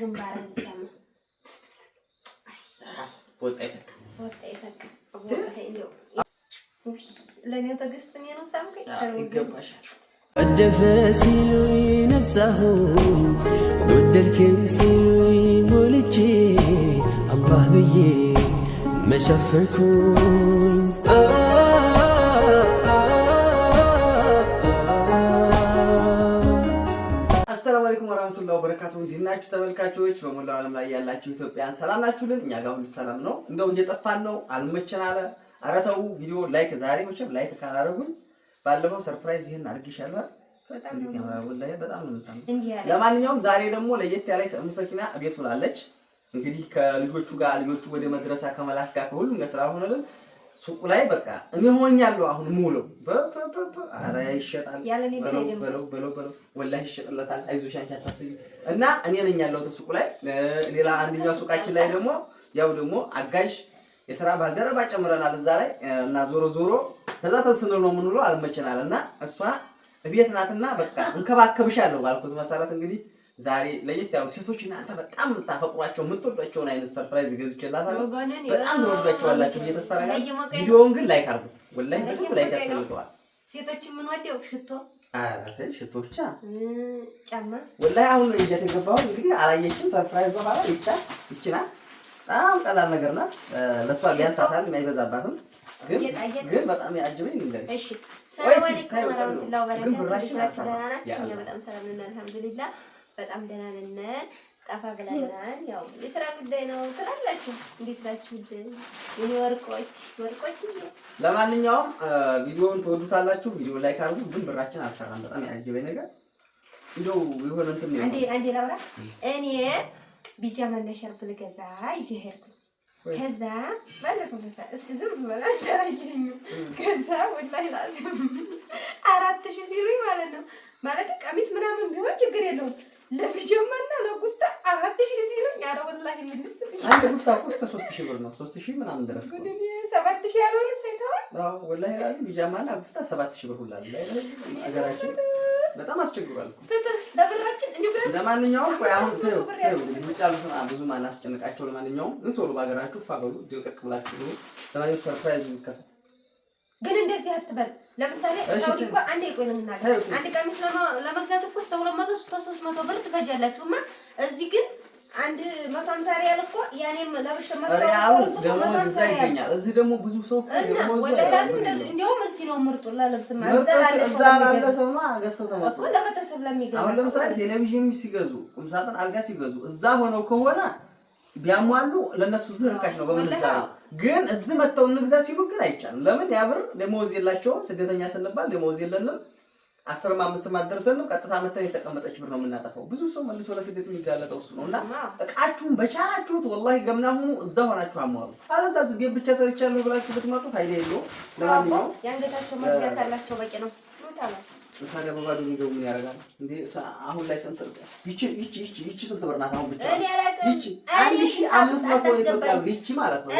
ግንባር ለእኔው ትዕግስት እኔ ነው ሳምከኝ ወደፈት ሲሉኝ ነጻሁ ወደልክም ሲሉኝ ሞልቼ አላህ ብዬ መሸፈንኩኝ የተከበራችሁ ተመልካቾች በሙሉ ዓለም ላይ ያላችሁ ኢትዮጵያን ሰላም ናችሁልን? እኛ ጋር ሁሉ ሰላም ነው። እንደው እየጠፋን ነው፣ አልመቸን አለ። ኧረ ተው ቪዲዮ ላይክ፣ ዛሬ መቼም ላይክ ካላደረጉኝ ባለፈው ሰርፕራይዝ ይህን አድርጌሻለሁ። በጣም ነው ለማንኛውም ዛሬ ደግሞ ለየት ያለ ሙሰኪና ቤት ውላለች። እንግዲህ ከልጆቹ ጋር ልጆቹ ወደ መድረሳ ከመላክ ጋር ከሁሉም ጋር ስላልሆነልን ሱቁ ላይ በቃ እኔ ሆኛለሁ። አሁን ሙሉ ኧረ ይሸጣል በለው ወላሂ ይሸጥለታል። አይዞሽ አንቺ አታስቢ። እና እኔ ነኝ ያለሁት ሱቁ ላይ። ሌላ አንደኛው ሱቃችን ላይ ደግሞ ያው ደግሞ አጋዥ የስራ ባልደረባ ጨምረናል እዛ ላይ እና ዞሮ ዞሮ ከዛ ተስንል ነው የምንውለው። አልመችናል እና እሷ እቤት ናትና በቃ እንከባከብሻለሁ ባልኩት መሰረት እንግዲህ ዛሬ ለየት ያው ሴቶች እናንተ በጣም የምታፈቅሯቸው የምትወዷቸውን አይነት ሰርፕራይዝ ገዝቼላታለሁ። በጣም ትወዷቸዋላችሁ ብዬ ተስፋ አደርጋለሁ። ቪዲዮውን ግን ላይክ አድርጉት። ወላሂ በደምብ ላይክ ያስፈልገዋል። ሴቶች የምንወደው ሽቶ ሽቶ ብቻ ጫማ። ወላሂ አሁን ይዣት የገባሁት እንግዲህ አላየችም። ሰርፕራይዝ በኋላ ይቻ ይችላል። በጣም ቀላል ነገር ናት። ለእሷ ቢያንሳታል የማይበዛባትም ግን በጣም ያጅበኝ ንገር ሰላም አለይኩም ወራህመቱላሂ ወበረካቱሁ። ደህና ናችሁ? በጣም ሰላም ነን አልሐምዱሊላህ በጣም ደህና ነን። ጠፋ ብለናል። ያው የስራ ጉዳይ ነው ትላላችሁ። እንዴት ናችሁልን? የኔ ወርቆች ወርቆች። ለማንኛውም ቪዲዮውን ትወዱታላችሁ። ቪዲዮ ላይክ አድርጉ። ግን ብራችን አልሰራም። በጣም ያጅበኝ ነገር እንደው የሆነ እንትን ነው። አንዴ አንዴ ላውራ። እኔ ቢጃማ እና ሸርፕ ልገዛ ይዤ ሄድኩኝ። ከዛ ባለፈው ለታ ዝም ብላ ተራጅኝ። ከዛ ወላሂ ላዝም አራት ሺህ ሲሉኝ ማለት ነው ማለት ቀሚስ ምናምን ቢሆን ችግር የለውም ለፒጃማና ለቁፍታ አራት ሺህ ሲሉኝ ኧረ ወላሂ ምልስ አንድ ጉፍታ እኮ እስከ ሶስት ሺህ ብር ነው። ሶስት ሺህ ምናምን ድረስ ሰባት ሺህ ያልሆነ ሴተዋል። ወላ ራሱ ቢጃማና ጉፍታ ሰባት ብር ሁላ አገራችን በጣም አስቸግሯል። ለማንኛውም ውጭ ያሉትን ብዙ አናስጨንቃቸው። ለማንኛውም ቶሎ በሀገራችሁ ፋበሉ ድልቀቅ ብላችሁ ለማንኛውም ሰርፕራይዝ የሚከፈት ግን እንደዚህ አትበል። ለምሳሌ ሳውዲ እኮ አንዴ ቆይ ነው የምናገር አንድ ቀሚስ ለመግዛት እኮ እስከ ሁለት መቶ እስከ ሶስት መቶ ብር ትፈጃላችሁማ እዚህ ግን አንድ መቶ ሃምሳ ሪያል እኮ ያኔም ለብሼ እዚህ ደግሞ ብዙ ሰው እዚህ ነው ምርጡ ለልብስ ለቤተሰብ ለሚገዛ አሁን ለምሳሌ ቴሌቪዥን ሲገዙ፣ ቁምሳጥን አልጋ ሲገዙ እዛ ሆነው ከሆነ ቢያሟሉ ለእነሱ ዝህ ርካሽ ነው በምንዛሬው ግን እዚህ መጥተው እንግዛ ሲሉ ግን አይቻልም። ለምን ያብር ደሞዝ የላቸውም። ስደተኛ ስንባል ደሞዝ የለንም። አስርም አምስት ነው ቀጥታ መተን የተቀመጠች ብር ነው የምናጠፋው። ብዙ ሰው መልሶ ለስደት የሚጋለጠው እሱ ነው። እና እቃችሁን በቻላችሁት ወላሂ ገምና ሁኑ፣ እዛ ሆናችሁ አሟሉ። አለዛ ቤት ብቻ ሰርቻለሁ ብላችሁ ብትመጡ ፋይዳ የለውም። ለማንኛውም ያንገታቸው መዝጋት አላቸው በቂ ነው። ታዲያ በባዶ የሚገቡ ምን ያደርጋል? እንደ አሁን ላይ ስንት ይቺ ስንት ብር ናት? አሁን ብቻ አንድ ሺህ አምስት መቶ ኢትዮጵያ ይቺ ማለት ነው።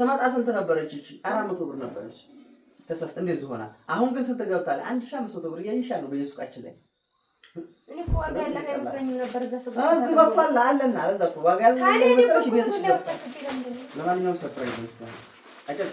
ስመጣ ስንት ነበረች? ይቺ አራት መቶ ብር ነበረች። ተሰፍት እንደዚህ ሆና አሁን ግን ስንት ገብታለች? አንድ ሺህ አምስት መቶ ብር እያየሻለሁ በየሱቃችን ላይ ለማንኛውም ሰፕራይዝ መስጠት አጨጭ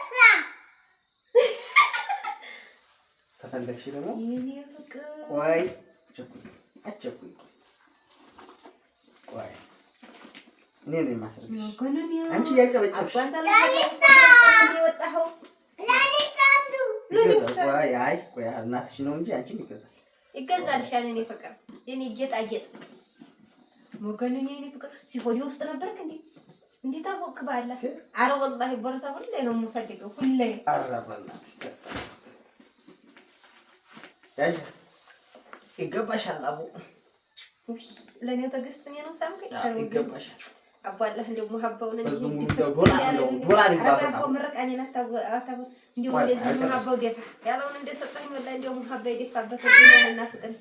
ከፈለግሽ ደግሞ ቆይ አትቸኩኝ። ቆይ እኔ ነኝ የማስረግሽ። አንቺ እያጨበጨብሽ አይ ቆይ እናትሽ ነው እንጂ አንቺም ይገዛል ይገዛልሻል። እኔ ፍቅር የኔ ጌጣጌጥ ሞገንን የኔ ፍቅር ሲሆን ውስጥ እንዴ? እንዴት አወቅ? ባላ አረ ወላሂ ቦርሳ ሁሌ ነው የምፈልገው ሁሌ ይገባሻል። አቦ ለእኔ ትዕግስት ነው ሳምከኝ። ይገባሻል አቦ እንደው መሀባውን ያለውን እንደሰጠኝ ወላ እንደው መሀባ የደፋበት እና ፍቅር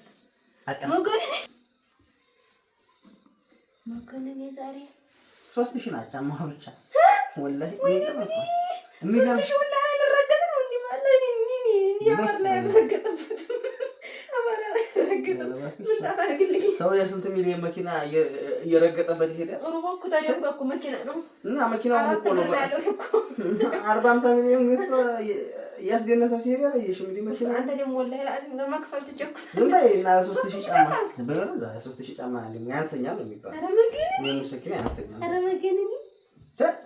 መኮንን የዛሬ ሶስት ሺህ ናቸው ብቻ ወላሂ የሚገርምሽ ሰው የስንት ሚሊዮን መኪና እየረገጠበት ይሄዳል። እና መኪናው እኮ ነው አርባ ሃምሳ ሚሊዮን ገዝቶ እያስገነሰው ሲሄድ ያለየሽ እንግዲህ መኪና ዝም በይ እና ሶስት ሺህ ጫማ ዝም እዛ ሶስት ሺህ ጫማ ያንሰኛል ነው የሚባለው። መኪና ያንሰኛል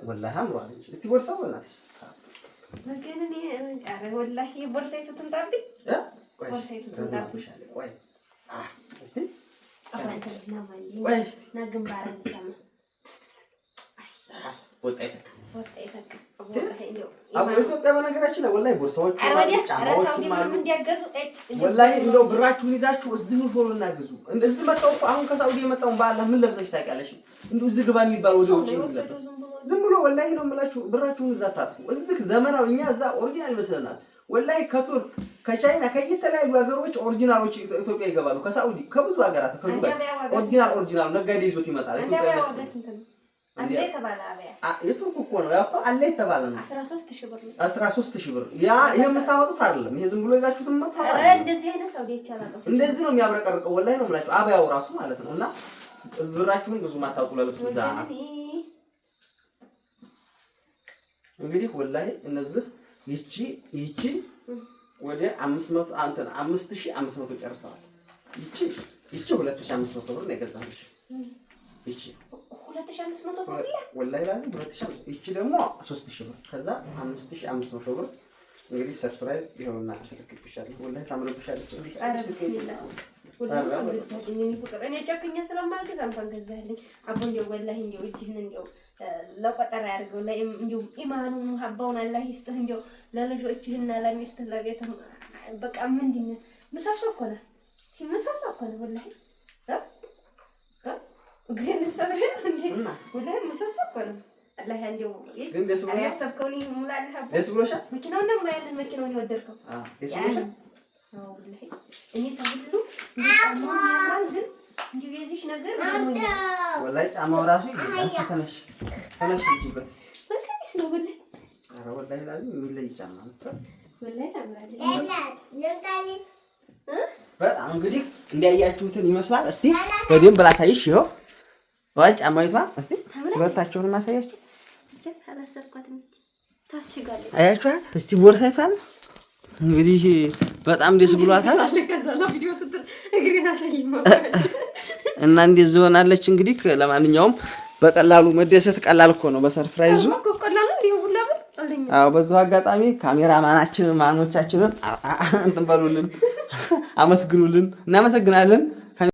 ወላሂ አምሯል እንጂ እስኪ ቦርሳው በእናትሽ ወላሂ ቦርሳዬ ስትምጣብኝ ኢትዮጵያ በነገራችን ላይ ወላሂ ቦርሳዎቹ ወላሂ እንደው ብራችሁን ይዛችሁ እዚህ ምን ሆኖ እና ግዙ። እዚህ መጣሁ እኮ አሁን ከሳውዲ የመጣውን በኋላ ምን ለብሰሽ ታውቂያለሽ? እንደው እዚህ ግባ የሚባል ወደ ውጭ የሚለበስ ዝም ብሎ ወላሂ ነው የምላችሁ። ብራችሁን እዛ ታጥፉ። እዚህ ዘመናዊ እኛ እዛ ኦሪጂናል ይመስለናል ወላሂ ከቱርክ ከቻይና ከየተለያዩ ሀገሮች ኦሪጂናሎች ኢትዮጵያ ይገባሉ። ከሳኡዲ ከብዙ ሀገራት ከዱባይ ኦሪጂናል ኦሪጂናል ነጋዴ ይዞት ይመጣል። የቱርክ እኮ ነው ያው አለ የተባለ ነው። አስራ ሦስት ሺህ ብር ያ ይሄ የምታመጡት አይደለም። ይሄ ዝም ብሎ ይዛችሁት እንደዚህ ነው የሚያብረቀርቀው። ወላሂ ነው የምላችሁ አብያው ራሱ ማለት ነው። እና ብራችሁን ብዙ ማታውቁ ለልብስ እዛ እንግዲህ ወላሂ እነዚህ ይቺ ይቺ ወደ 500 አንተን 5500 ጨርሰዋል። ይቺ ይቺ 2500 ብር ነው የገዛሁት። ይቺ 2500 ብር ወላሂ ላዚም ይቺ ደግሞ ብር ከዛ ብር እንግዲህ ሰርፕራይዝ ይሆንና ተልክብሻለሁ። ወላሂ ታምርብሻለች። እኔ ጨክኛ ስለማልገዛ እንኳን ገዛልኝ። አቦ ያድርገው እንደው ኢማኑን ሀባውን አላህ ይስጥህ። እንደው ለልጆችህና ለሚስትህ ለቤትህ በቃ ምንድን ነው ምሰሶ እኮ ነህ፣ ምሰሶ እኮ ነህ። ወላሂ ግን ሰብርህ ወላሂ ምሰሶ እኮ ነህ። አላህ እንደው ያሰብከውን ይሙላልህ። አቦ መኪናውን ደግሞ ያንን መኪናውን የወደድከው እኔ ተው ወላሂ ጫማው እራሱ ተነሽ ተነሽ እንግዲህ እንዲያያችሁትን ይመስላል። እስቲ በደንብ ላሳይሽ። ይኸው ዋይ ጫማይቷ እስቲ ሁለታችሁን እናሳያችሁ። አያችኋት? እስቲ ቦርሳይቷን እንግዲህ በጣም ደስ ብሏታል። እና እንዴት ዝሆናለች እንግዲህ። ለማንኛውም በቀላሉ መደሰት ቀላል እኮ ነው። በሰርፕራይዙ አዎ። በዛው አጋጣሚ ካሜራማናችንን ማኖቻችንን እንትን በሉልን፣ አመስግኑልን። እናመሰግናለን።